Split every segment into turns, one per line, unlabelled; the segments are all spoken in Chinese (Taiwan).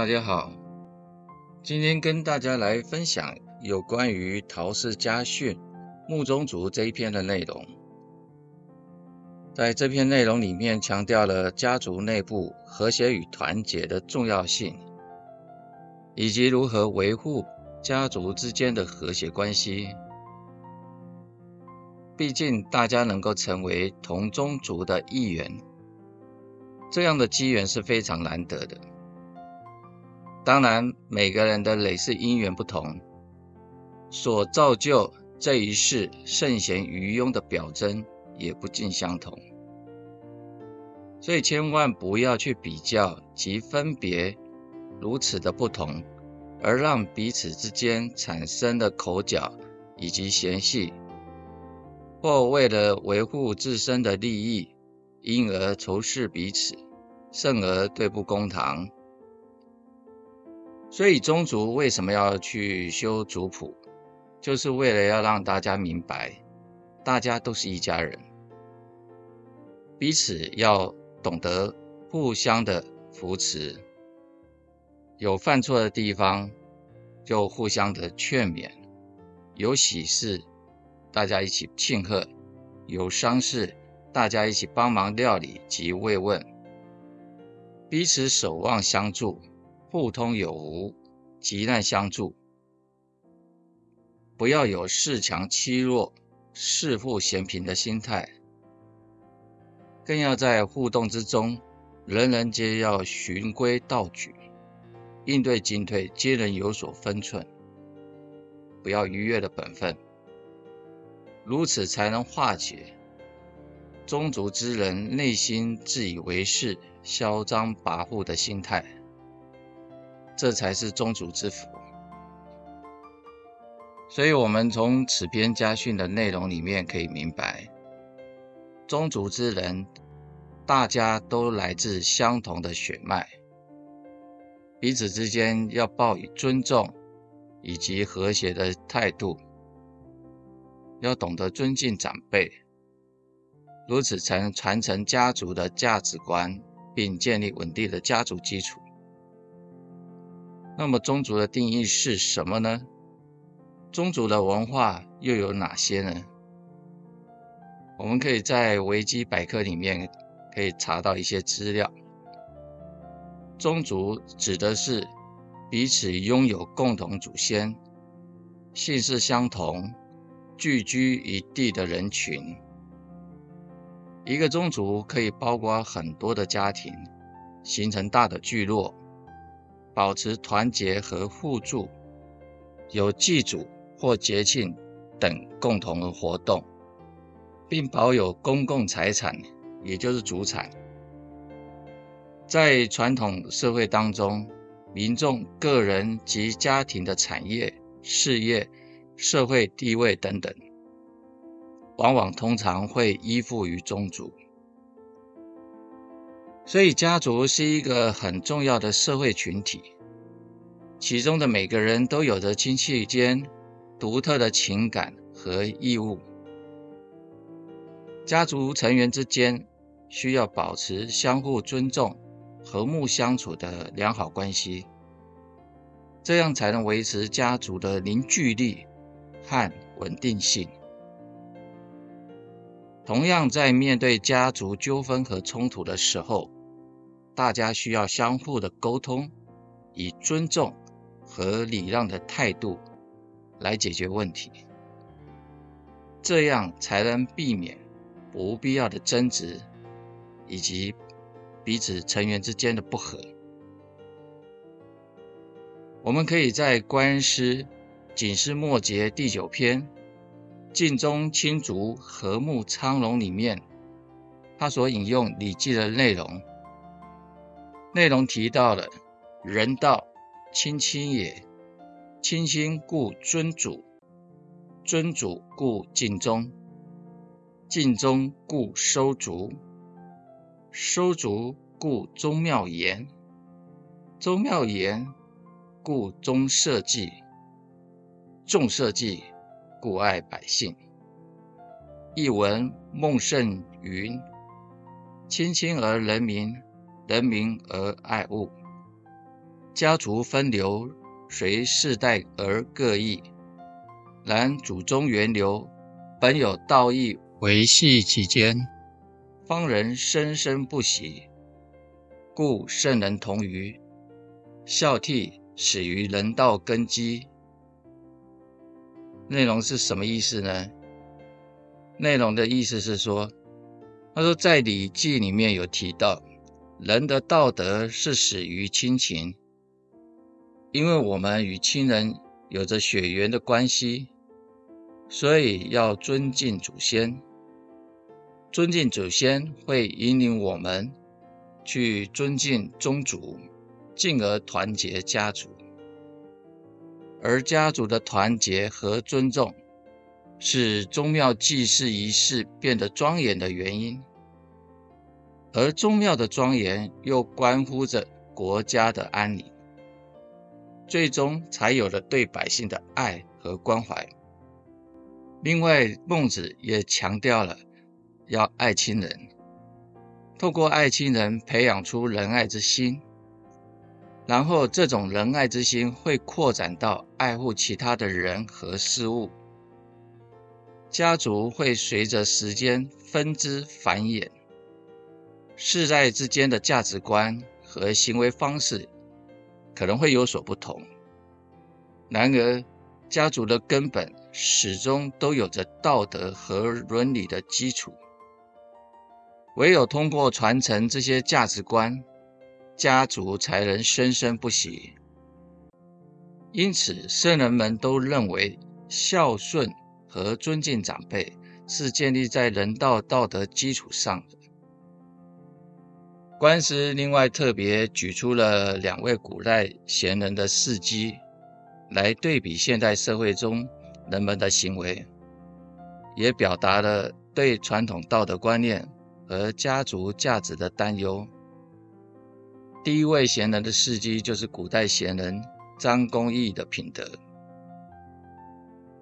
大家好，今天跟大家來分享有關於《陶氏家訓·睦宗族》這一篇的內容。在這篇內容裡面，強調了家族內部和諧與團結的重要性，以及如何維護家族之間的和諧關係。畢竟，大家能夠成為同宗族的一員，這樣的機緣是非常難得的。當然，每個人的累世因緣不同，所造就這一世聖賢愚庸的表徵也不盡相同。所以，千萬不要去比較及分別如此的不同，而讓彼此之間產生的口角以及嫌隙，或為了維護自身的利益，因而仇視彼此，甚而對簿公堂。所以，宗族為什麼要去修族譜？就是為了要讓大家明白，大家都是一家人，彼此要懂得互相的扶持。有犯錯的地方，就互相的勸勉；有喜事，大家一起慶賀；有喪事，大家一起幫忙料理及慰問，彼此守望相助。互通有無，急難相助，不要有恃強欺弱、恃富嫌貧的心態，更要在互動之中，人人皆要循規蹈矩，應對進退皆能有所分寸，不要逾越了本分，如此才能化解宗族之人內心自以為是、囂張跋扈的心態。這才是宗族之福。所以，我們從此篇家訓的內容裡面可以明白，宗族之人，大家都來自相同的血脈，彼此之間要抱以尊重以及和諧的態度，要懂得尊敬長輩，如此才能傳承家族的價值觀，並建立穩定的家族基礎。那麼，宗族的定義是什麼呢？宗族的文化又有哪些呢？我們可以在維基百科裡面可以查到一些資料。宗族指的是彼此擁有共同祖先、姓氏相同、聚居一地的人群。一個宗族可以包括很多的家庭，形成大的聚落。保持團結和互助，有祭祖或節慶等共同的活動，並保有公共財產，也就是族產。在傳統社會當中，民眾個人及家庭的產業、事業、社會地位等等，往往通常會依附於宗族。所以，家族是一個很重要的社會群體，其中的每個人都有着親戚間獨特的情感和義務。家族成員之間需要保持相互尊重、和睦相處的良好關係，這樣才能維持家族的凝聚力和穩定性。同樣，在面對家族糾紛和衝突的時候，大家需要相互的溝通，以尊重和禮讓的態度來解決問題，這樣才能避免不必要的爭執以及彼此成員之間的不和。我們可以在《觀師》警世末節第九篇“敬宗親族和睦昌隆”裡面，他所引用《禮記》的內容。內容提到了人道親親也，親親故尊祖，尊祖故敬宗，敬宗故收族，收族故宗廟嚴，宗廟嚴故宗社稷，重社稷故愛百姓。譯文：孟盛雲：“親親而仁民。”仁民而愛物，家族分流隨世代而各異，然祖宗源流本有道義維繫其間，方人生生不息。故聖人同於孝悌，始於人道根基。內容是什麼意思呢？內容的意思是說，他說在《禮記》裡面有提到。人的道德是始於親情，因為我們與親人有着血緣的關係，所以要尊敬祖先。尊敬祖先會引領我們去尊敬宗族，進而團結家族。而家族的團結和尊重，是宗廟祭祀儀式變得莊嚴的原因。而宗廟的莊嚴又關乎着國家的安寧，最終才有了對百姓的愛和關懷。另外，孟子也強調了要愛親人，透過愛親人培養出仁愛之心，然後這種仁愛之心會擴展到愛護其他的人和事物，家族會隨着時間分支繁衍。世代之間的價值觀和行為方式可能會有所不同，然而，家族的根本始終都有着道德和倫理的基礎。唯有通過傳承這些價值觀，家族才能生生不息。因此，聖人們都認為孝順和尊敬長輩是建立在人道道德基礎上的。官司另外特別舉出了兩位古代賢人的事跡，來對比現代社會中人們的行為，也表達了對傳統道德觀念和家族價值的擔憂。第一位賢人的事跡就是古代賢人張公義的品德。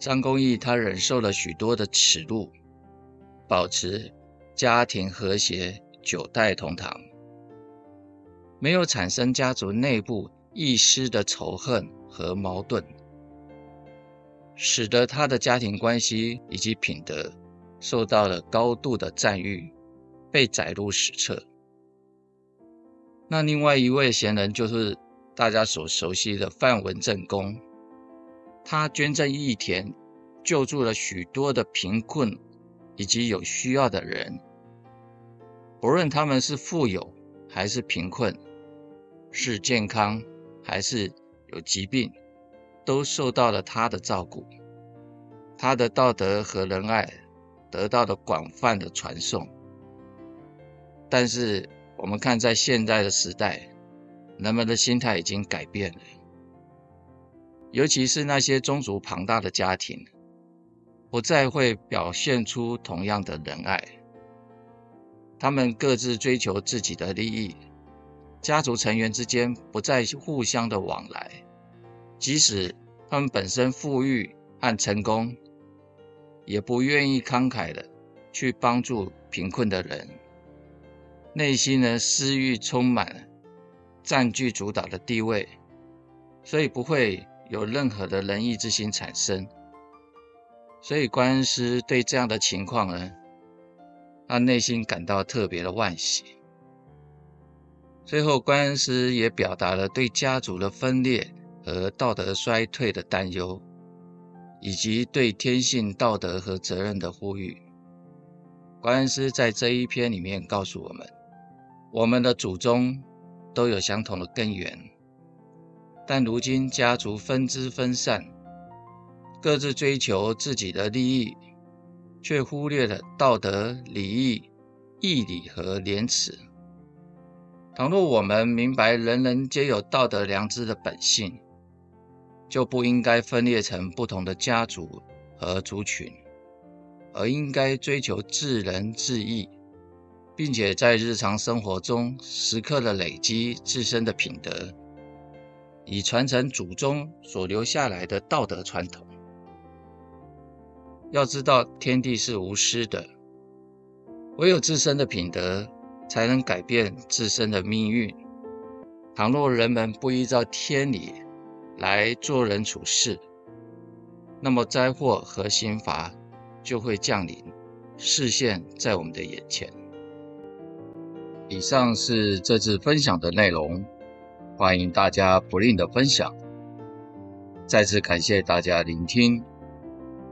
張公義他忍受了許多的恥辱，保持家庭和諧，九代同堂。沒有產生家族內部一絲的仇恨和矛盾，使得他的家庭關係以及品德受到了高度的讚譽，被載入史冊。那另外一位賢人就是大家所熟悉的范文正公，他捐贈義田，救助了許多的貧困以及有需要的人，不論他們是富有還是貧困。是健康還是有疾病，都受到了他的照顧，他的道德和仁愛得到了廣泛的傳頌。但是我們看，在現代的時代，人們的心態已經改變了，尤其是那些宗族龐大的家庭，不再會表現出同樣的仁愛，他們各自追求自己的利益。家族成員之間不再互相的往來，即使他們本身富裕和成功，也不願意慷慨的去幫助貧困的人。內心的私欲充滿，占據主導的地位，所以不會有任何的仁義之心產生。所以觀師對這樣的情況呢，他內心感到特別的惋惜。最後，關恩師也表達了對家族的分裂和道德衰退的擔憂，以及對天性、道德和責任的呼籲。關恩師在這一篇裡面告訴我們，我們的祖宗都有相同的根源，但如今家族分支分散，各自追求自己的利益，卻忽略了道德、禮義、義理和廉恥。倘若我們明白人人皆有道德良知的本性，就不應該分裂成不同的家族和族群，而應該追求至仁至義，並且在日常生活中時刻的累積自身的品德，以傳承祖宗所留下來的道德傳統。要知道，天地是無私的，唯有自身的品德，才能改變自身的命運。倘若人們不依照天理來做人處事，那麼災禍和刑罰就會降臨，視線在我們的眼前。以上是這次分享的內容，歡迎大家不吝的分享。再次感謝大家聆聽，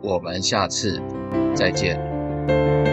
我們下次再見。